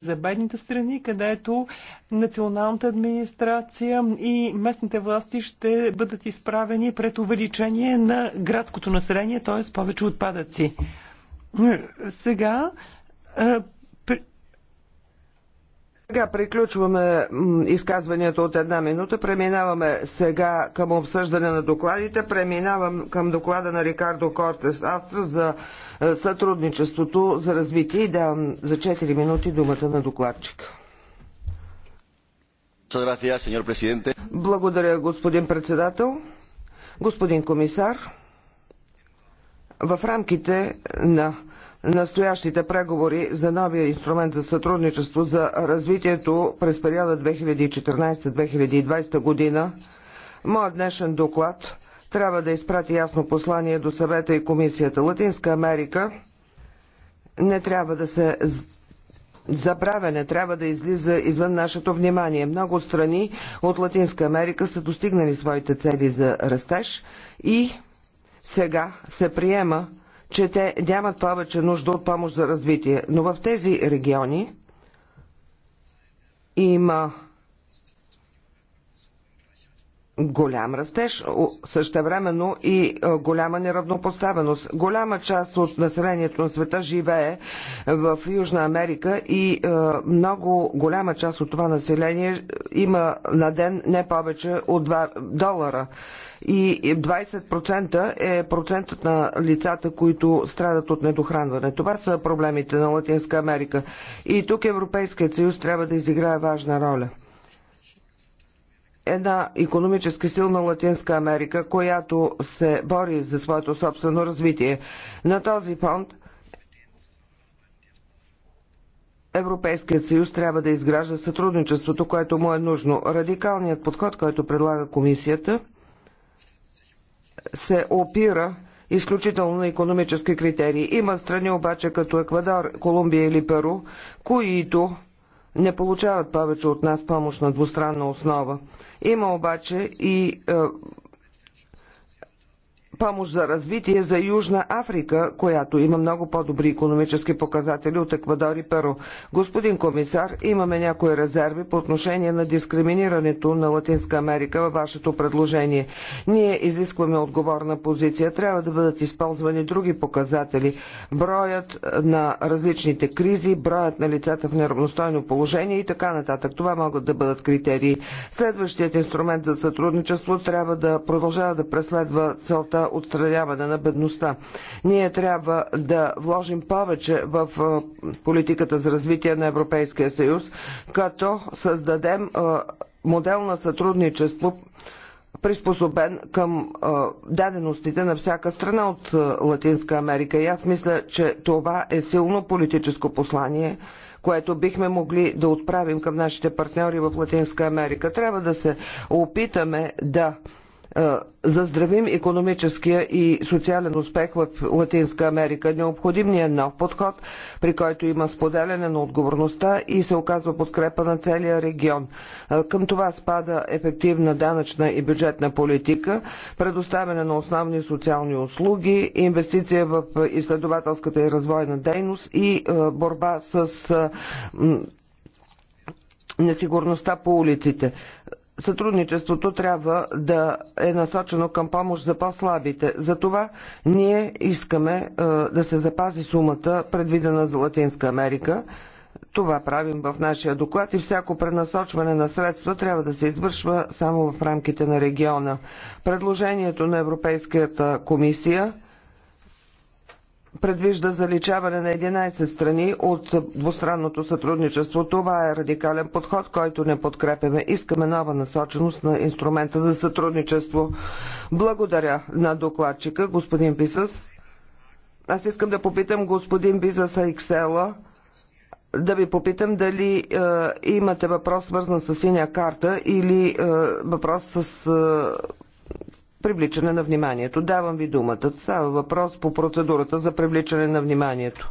за бедните страни, където националната администрация и местните власти ще бъдат изправени пред увеличение на градското население, т.е. повече отпадъци. Сега сега приключваме изказванията от една минута. Преминаваме сега към обсъждане на докладите. Преминавам към доклада на Рикардо Кортес Астра за сътрудничеството за развитие и давам за 4 минути думата на докладчика. Благодаря, господин председател. Господин комисар, в рамките на настоящите преговори за новия инструмент за сътрудничество за развитието през периода 2014-2020 година, моят днешен доклад – е трябва да изпрати ясно послание до съвета и комисията. Латинска Америка не трябва да се забравя, не трябва да излиза извън нашето внимание. Много страни от Латинска Америка са достигнали своите цели за растеж и сега се приема, че те нямат повече нужда от помощ за развитие. Но в тези региони има голям растеж, същевременно и голяма неравнопоставеност. Голяма част от населението на света живее в Южна Америка и много голяма част от това население има на ден не повече от 2 долара. И 20% е процентът на лицата, които страдат от недохранване. Това са проблемите на Латинска Америка. И тук Европейският съюз трябва да изиграе важна роля една економически силна Латинска Америка, която се бори за своето собствено развитие. На този фонд Европейският съюз трябва да изгражда сътрудничеството, което му е нужно. Радикалният подход, който предлага комисията, се опира изключително на економически критерии. Има страни обаче като Еквадор, Колумбия или Перу, които не получават повече от нас помощ на двустранна основа. Има обаче и е, помощ за развитие за Южна Африка, която има много по-добри економически показатели от Еквадор и Перу. Господин комисар, имаме някои резерви по отношение на дискриминирането на Латинска Америка във вашето предложение. Ние изискваме отговорна позиция. Трябва да бъдат използвани други показатели. Броят на различните кризи, броят на лицата в неравностойно положение и така нататък. Това могат да бъдат критерии. Следващият инструмент за сътрудничество трябва да продължава да преследва целта отстраняване на бедността. Ние трябва да вложим повече в политиката за развитие на Европейския съюз, като създадем модел на сътрудничество, приспособен към даденостите на всяка страна от Латинска Америка. И аз мисля, че това е силно политическо послание, което бихме могли да отправим към нашите партньори в Латинска Америка. Трябва да се опитаме да е, заздравим економическия и социален успех в Латинска Америка. Необходим ни е нов подход, при който има споделяне на отговорността и се оказва подкрепа на целия регион. Е, към това спада ефективна данъчна и бюджетна политика, предоставяне на основни социални услуги, инвестиция в изследователската и развойна дейност и е, борба с несигурността по улиците сътрудничеството трябва да е насочено към помощ за по-слабите. Затова ние искаме е, да се запази сумата, предвидена за Латинска Америка. Това правим в нашия доклад и всяко пренасочване на средства трябва да се извършва само в рамките на региона. Предложението на Европейската комисия – предвижда заличаване на 11 страни от двустранното сътрудничество. Това е радикален подход, който не подкрепяме. Искаме нова насоченост на инструмента за сътрудничество. Благодаря на докладчика, господин Бисъс. Аз искам да попитам господин Бизаса Иксела, да ви попитам дали е, имате въпрос свързан с синя карта или е, въпрос с е, привличане на вниманието. Давам ви думата. Става въпрос по процедурата за привличане на вниманието.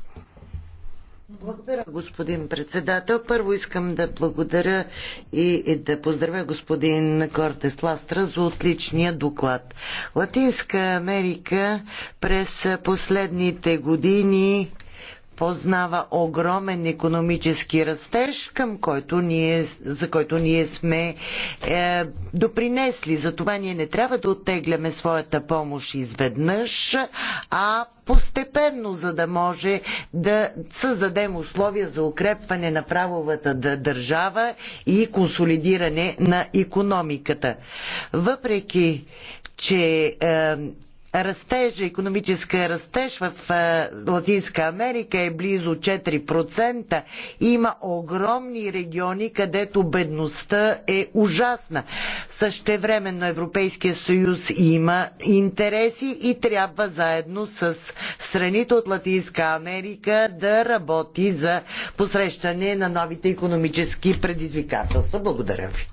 Благодаря, господин председател. Първо искам да благодаря и, и да поздравя господин Кортес Ластра за отличния доклад. Латинска Америка през последните години познава огромен економически растеж, към който ние, за който ние сме е, допринесли. Затова ние не трябва да оттегляме своята помощ изведнъж, а постепенно, за да може да създадем условия за укрепване на правовата държава и консолидиране на економиката. Въпреки че е, растежа, економическия растеж в е, Латинска Америка е близо 4%. Има огромни региони, където бедността е ужасна. Същевременно Европейския съюз има интереси и трябва заедно с страните от Латинска Америка да работи за посрещане на новите економически предизвикателства. Благодаря ви.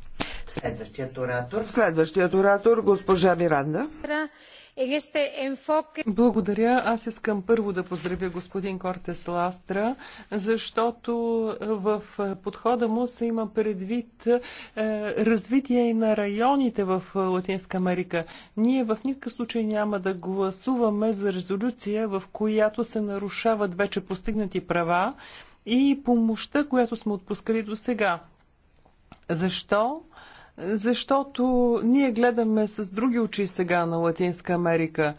Следващият оратор. Следващият оратор, госпожа Миранда. Благодаря. Аз искам първо да поздравя господин Кортес Ластра, защото в подхода му се има предвид е, развитие и на районите в Латинска Америка. Ние в никакъв случай няма да гласуваме за резолюция, в която се нарушават вече постигнати права и помощта, която сме отпускали до сега. Защо? защото ние гледаме с други очи сега на Латинска Америка.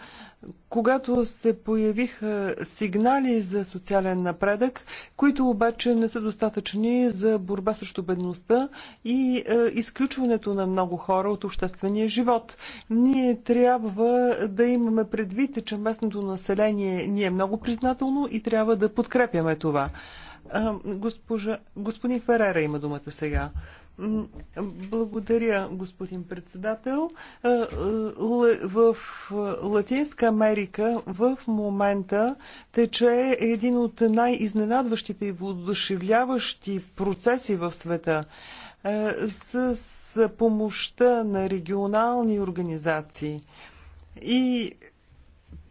Когато се появиха сигнали за социален напредък, които обаче не са достатъчни за борба срещу бедността и е, изключването на много хора от обществения живот, ние трябва да имаме предвид, че местното население ни е много признателно и трябва да подкрепяме това. Е, госпожа, господин Ферера има думата сега. Благодаря, господин председател. Е, е, в Латинска Америка в момента тече един от най-изненадващите и воодушевляващи процеси в света. Е, с помощта на регионални организации и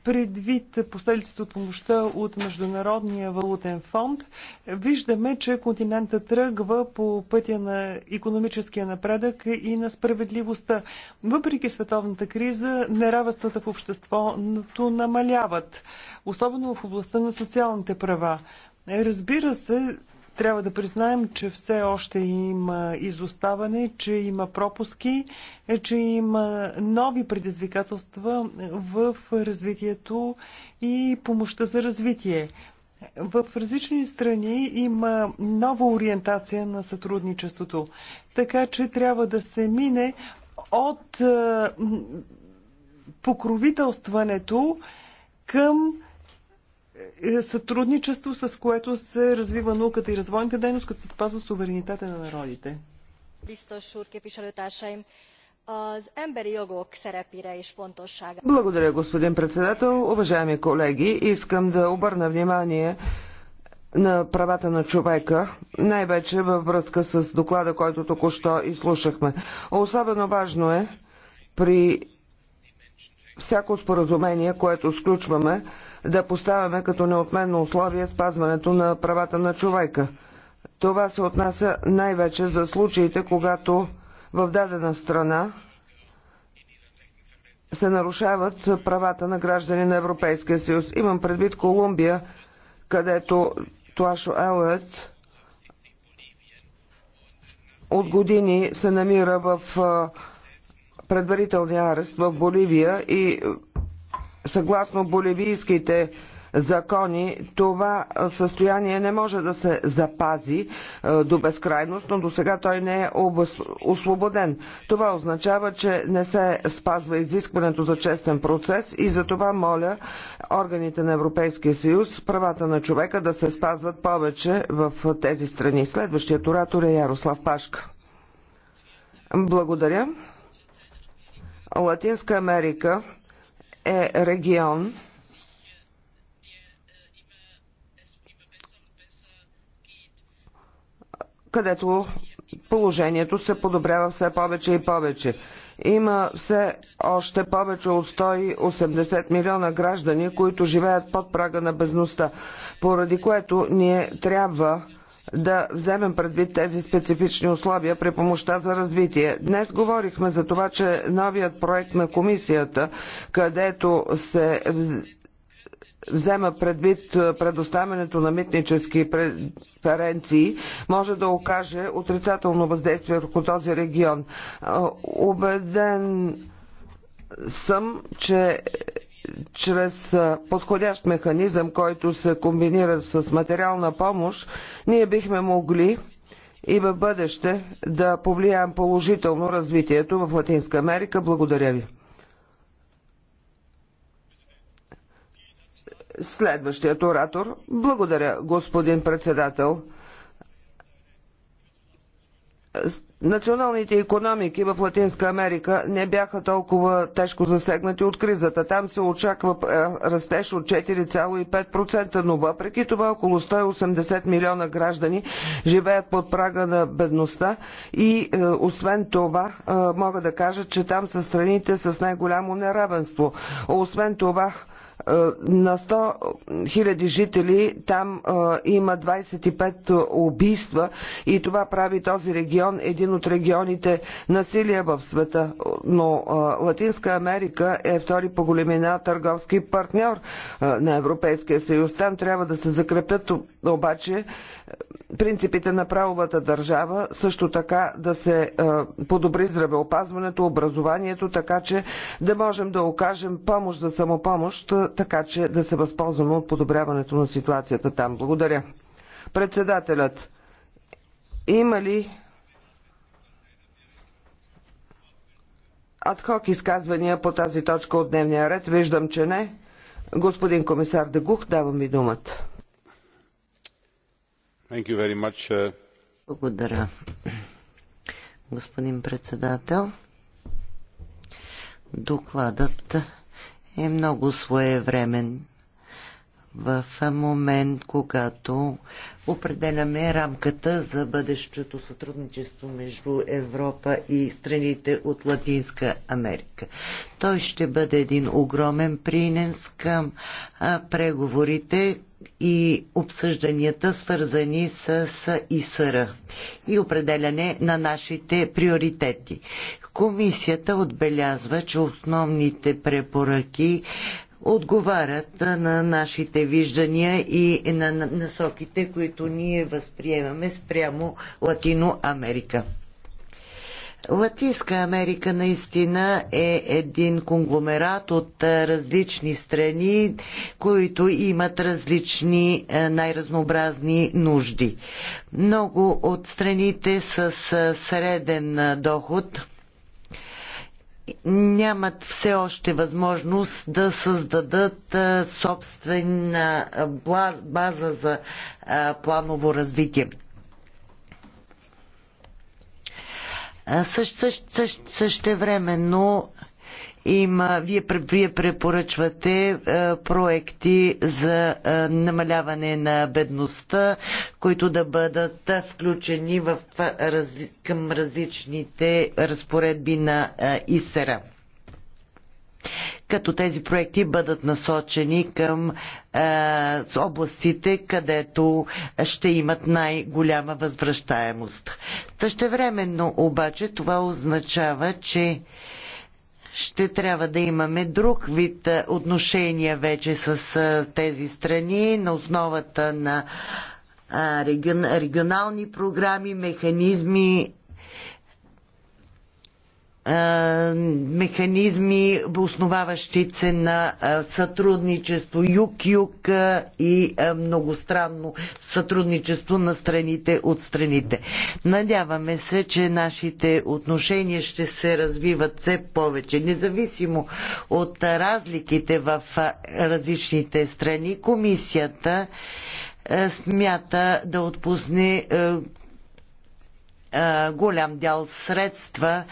предвид последиците от помощта от Международния валутен фонд, виждаме, че континента тръгва по пътя на економическия напредък и на справедливостта. Въпреки световната криза, неравенствата в обществото намаляват, особено в областта на социалните права. Разбира се, трябва да признаем, че все още има изоставане, че има пропуски, е, че има нови предизвикателства в развитието и помощта за развитие. В различни страни има нова ориентация на сътрудничеството, така че трябва да се мине от покровителстването към е, е сътрудничество, с което се развива науката и развойната дейност, като се спазва суверенитета на народите. Благодаря, господин председател. Уважаеми колеги, искам да обърна внимание на правата на човека, най-вече във връзка с доклада, който току-що изслушахме. Особено важно е при всяко споразумение, което сключваме, да поставяме като неотменно условие спазването на правата на човека. Това се отнася най-вече за случаите, когато в дадена страна се нарушават правата на граждани на Европейския съюз. Имам предвид Колумбия, където Туашо Елет от години се намира в предварителния арест в Боливия и е, съгласно боливийските закони това е, състояние не може да се запази е, до безкрайност, но до сега той не е освободен. Това означава, че не се спазва изискването за честен процес и за това моля органите на Европейския съюз правата на човека да се спазват повече в тези страни. Следващият оратор е Ярослав Пашка. Благодаря. Латинска Америка е регион, където положението се подобрява все повече и повече. Има все още повече от 180 милиона граждани, които живеят под прага на безността, поради което ние трябва да вземем предвид тези специфични условия при помощта за развитие. Днес говорихме за това, че новият проект на комисията, където се взема предвид предоставянето на митнически преференции, може да окаже отрицателно въздействие върху този регион. Обеден съм, че чрез подходящ механизъм, който се комбинира с материална помощ, ние бихме могли и в бъдеще да повлияем положително развитието в Латинска Америка. Благодаря ви. Следващият оратор. Благодаря, господин председател. Националните економики в Латинска Америка не бяха толкова тежко засегнати от кризата. Там се очаква е, растеж от 4,5%, но въпреки това около 180 милиона граждани живеят под прага на бедността и е, освен това е, мога да кажа, че там са страните с най-голямо неравенство. Освен това е, на 100 хиляди жители там е, има 25 убийства и това прави този регион един от регионите насилие в света. Но е, Латинска Америка е втори по големина търговски партньор на Европейския съюз. Там трябва да се закрепят обаче принципите на правовата държава, също така да се подобри здравеопазването, образованието, така че да можем да окажем помощ за самопомощ, така че да се възползваме от подобряването на ситуацията там. Благодаря. Председателят, има ли адхок изказвания по тази точка от дневния ред? Виждам, че не. Господин комисар Дегух, давам ви думата. Uh, Благодаря, господин председател. Докладът е много своевремен в момент, когато определяме рамката за бъдещето сътрудничество между Европа и страните от Латинска Америка. Той ще бъде един огромен принес към преговорите и обсъжданията, свързани с ИСР и определяне на нашите приоритети. Комисията отбелязва, че основните препоръки отговарят на нашите виждания и на насоките, които ние възприемаме спрямо Латино Америка. Латинска Америка наистина е един конгломерат от различни страни, които имат различни е, най-разнообразни нужди. Много от страните с е, среден е, доход – нямат все още възможност да създадат собствена база за планово развитие. също, същ, същ, същевременно има, вие, вие препоръчвате е, проекти за е, намаляване на бедността, които да бъдат включени в, към различните разпоредби на е, ИСЕРА като тези проекти бъдат насочени към е, областите, където ще имат най-голяма възвръщаемост. Същевременно обаче това означава, че ще трябва да имаме друг вид отношения вече с тези страни на основата на регионални програми, механизми е, механизми, основаващи се на е, сътрудничество юг-юг е, и многостранно сътрудничество на страните от страните. Надяваме се, че нашите отношения ще се развиват все повече. Независимо от разликите в различните страни, комисията смята да отпусне голям дял средства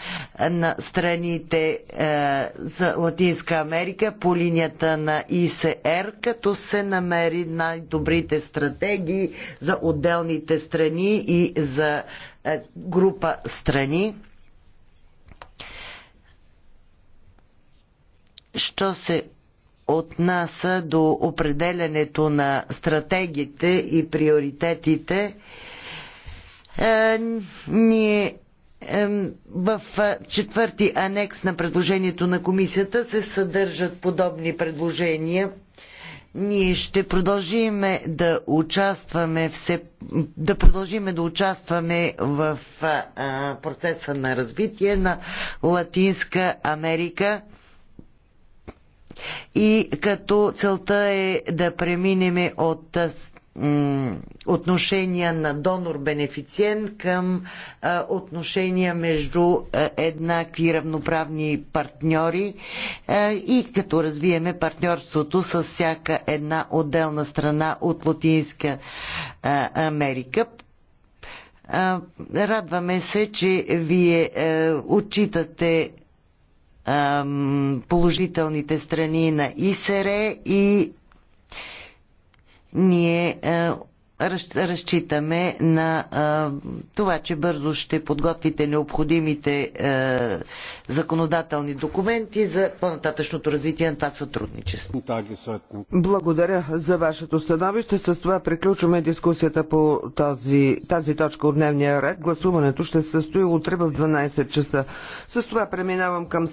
на страните за Латинска Америка по линията на ИСР, като се намери най-добрите стратегии за отделните страни и за група страни. Що се отнася до определенето на стратегиите и приоритетите, е, ние е, в е, четвърти анекс на предложението на комисията се съдържат подобни предложения. Ние ще продължим да участваме все, да продължим да участваме в а, процеса на развитие на Латинска Америка и като целта е да преминем от отношения на донор-бенефициент към а, отношения между а, еднакви равноправни партньори а, и като развиеме партньорството с всяка една отделна страна от Латинска а, Америка. А, радваме се, че вие а, отчитате а, положителните страни на ИСР и ние е, разчитаме на а, е, това, че бързо ще подготвите необходимите а, е, законодателни документи за по-нататъчното развитие на това сътрудничество. Благодаря за вашето становище. С това приключваме дискусията по тази, тази точка от дневния ред. Гласуването ще се състои утре в 12 часа. С това преминавам към